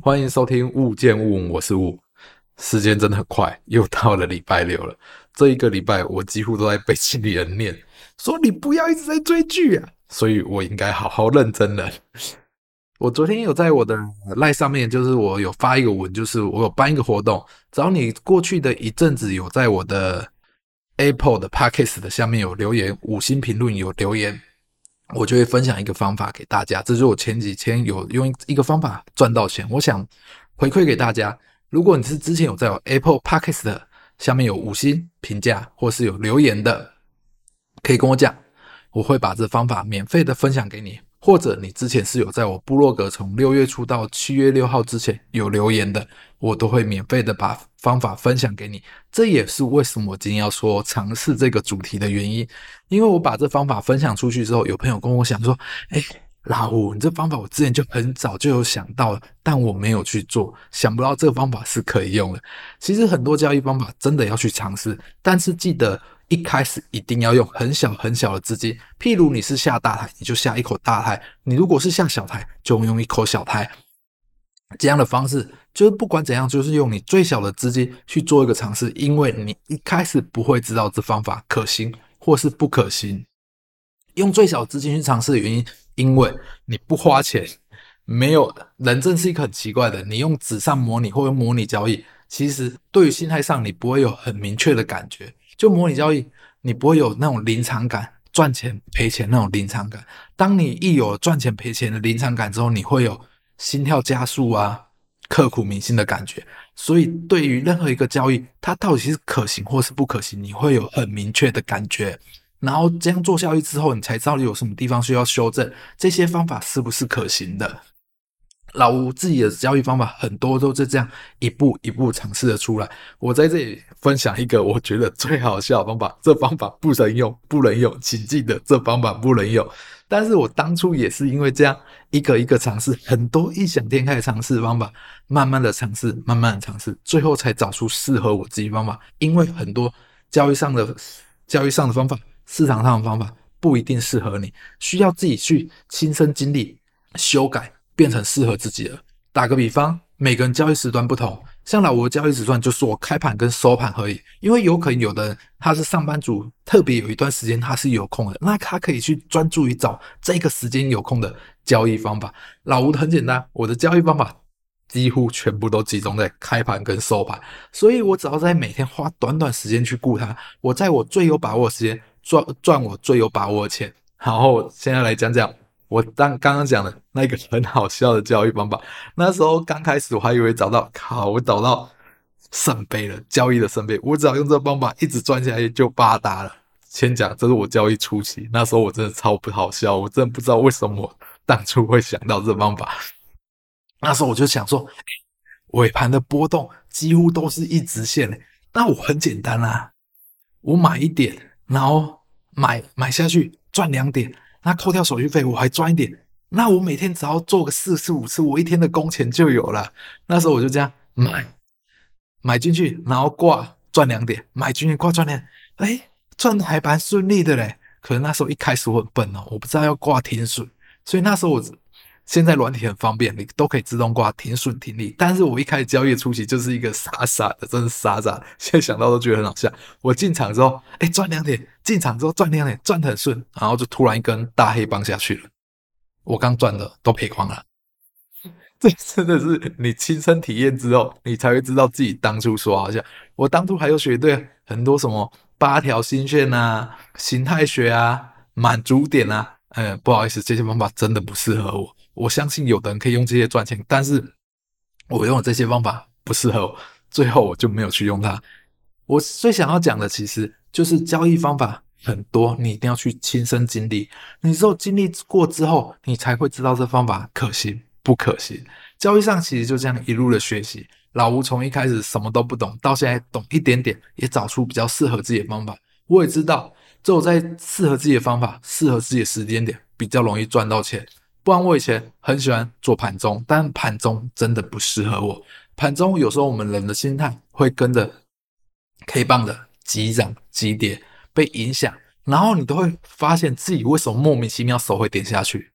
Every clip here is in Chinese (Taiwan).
歡迎收聽《物見物》，我是物。時間真的很快，又到了禮拜六了。這一個禮拜，我幾乎都在被家裡人念，說你不要一直在追劇啊，所以我應該好好認真了。我昨天有在我的 LINE 上面，就是我有發一個文，就是我有辦一個活動，找你過去的一陣子有在我的 Apple 的 Podcast 的下面有留言，五星評論有留言。我就會分享一個方法給大家，這是我前幾天有用一個方法賺到錢，我想回饋給大家。如果你是之前有在我 Apple Podcast 的下面有五星評價或是有留言的，可以跟我講，我會把這方法免費的分享給你。或者你之前是有在我部落格從六月初到七月六號之前有留言的，我都會免費的把方法分享給你。這也是為什麼我今天要說嘗試這個主題的原因，因為我把這方法分享出去之後，有朋友跟我想說：“哎，老吳，你這方法我之前就很早就有想到了，但我沒有去做，想不到這個方法是可以用的。”其實很多交易方法真的要去嘗試，但是記得。一開始一定要用很小很小的資金，譬如你是下大台，你就下一口大台；你如果是下小台，就用一口小台。這樣的方式就是不管怎樣，就是用你最小的資金去做一個嘗試，因為你一開始不會知道這方法可行或是不可行。用最小資金去嘗試的原因，因為你不花錢，沒有人真是一個很奇怪的。你用紙上模擬或用模擬交易。其實對於心態上，你不會有很明確的感覺。就模擬交易，你不會有那種臨場感，賺錢賠錢那種臨場感。當你一有賺錢賠錢的臨場感之後，你會有心跳加速啊、刻骨銘心的感覺。所以對於任何一個交易，它到底是可行或是不可行，你會有很明確的感覺。然後這樣做交易之後，你才知道你有什麼地方需要修正，這些方法是不是可行的。老吳自己的交易方法很多都是這樣一步一步嘗試的出來。我在這裡分享一個我覺得最好笑的方法，這方法不能用，不能用，請記得這方法不能用。但是我當初也是因為這樣一個一個嘗試，很多異想天開的嘗試方法，慢慢的嘗試，慢慢的嘗試，最後才找出適合我自己的方法。因為很多交易上的交易上的方法，市場上的方法不一定適合你，需要自己去親身經歷修改，變成適合自己了。打個比方，每個人交易時段不同，像老吳的交易時段就是我開盤跟收盤而已。因為有可能有的人他是上班族，特別有一段時間他是有空的，那他可以去專注於找這個時間有空的交易方法。老吳的很簡單，我的交易方法幾乎全部都集中在開盤跟收盤，所以我只要在每天花短短時間去顧他，我在我最有把握的時間賺賺我最有把握的錢。好，現在來講講。我當剛剛講的那個很好笑的交易方法，那時候剛開始我還以為找到，靠，我找到聖杯了，交易的聖杯，我只要用這方法一直賺下去就發達了。先講，這是我交易初期，那時候我真的超不好笑，我真的不知道為什麼當初會想到這方法。那時候我就想說，欸，尾盤的波動幾乎都是一直線嘞、欸，那我很簡單啦、啊，我買一點，然後買買下去賺兩點。那扣掉手續費，我還賺一點。那我每天只要做個四次五次，我一天的工錢就有了。那時候我就這樣買，買進去然後掛賺兩點，買進去掛賺兩點，哎，賺的還蠻順利的嘞。可能那時候一開始我很笨哦，我不知道要掛天數，所以那時候我。現在軟體很方便，你都可以自動掛，停損停利，但是我一開始交易初期就是一個傻傻的，真是傻傻的。現在想到都覺得很好笑。我進場之後，哎、欸，賺兩點；進場之後賺兩點，賺得很順，然後就突然一根大黑棒下去了。我剛賺的都賠光了。 這真的是你親身體驗之後，你才會知道自己當初說好像我當初還有學對很多什麼八條新線吶、啊、形態學啊、滿足點啊，嗯，不好意思，這些方法真的不適合我。我相信有的人可以用這些賺錢，但是我用的這些方法不適合我，最後我就沒有去用它。我最想要講的其實就是交易方法很多，你一定要去親身經歷，你只有經歷過之後，你才會知道這方法可行不可行。交易上其實就這樣一路的學習，老吳從一開始什麼都不懂，到現在懂一點點，也找出比較適合自己的方法。我也知道只有在適合自己的方法，適合自己的時間點，比較容易賺到錢。不然我以前很喜歡做盤中，但盤中真的不適合我。盤中有時候我們人的心態會跟着 K 棒的急漲急跌被影響，然後你都會發現自己為什麼莫名其妙手會點下去。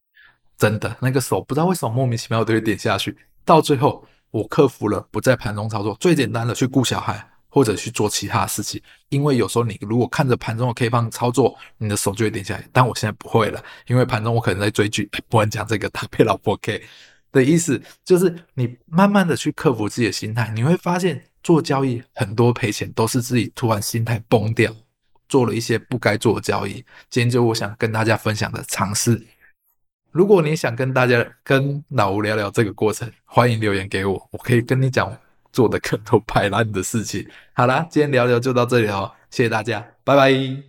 真的，那個手不知道為什麼莫名其妙都會點下去。到最後我克服了不在盤中操作，最簡單的去顧小孩。或者去做其他事情，因為有時候你如果看着盤中的 K 棒操作，你的手就會停下來。但我現在不會了，因為盤中我可能在追劇。不能講這個，搭配老婆 K 的意思就是，你慢慢的去克服自己的心態，你會發現做交易很多賠錢都是自己突然心態崩掉，做了一些不該做的交易。今天就我想跟大家分享的嘗試。如果你想跟大家跟老吳聊聊這個過程，歡迎留言給我，我可以跟你講。做的可頭擺爛的事情。好啦，今天聊聊就到這裡哦、喔，謝謝大家，拜拜。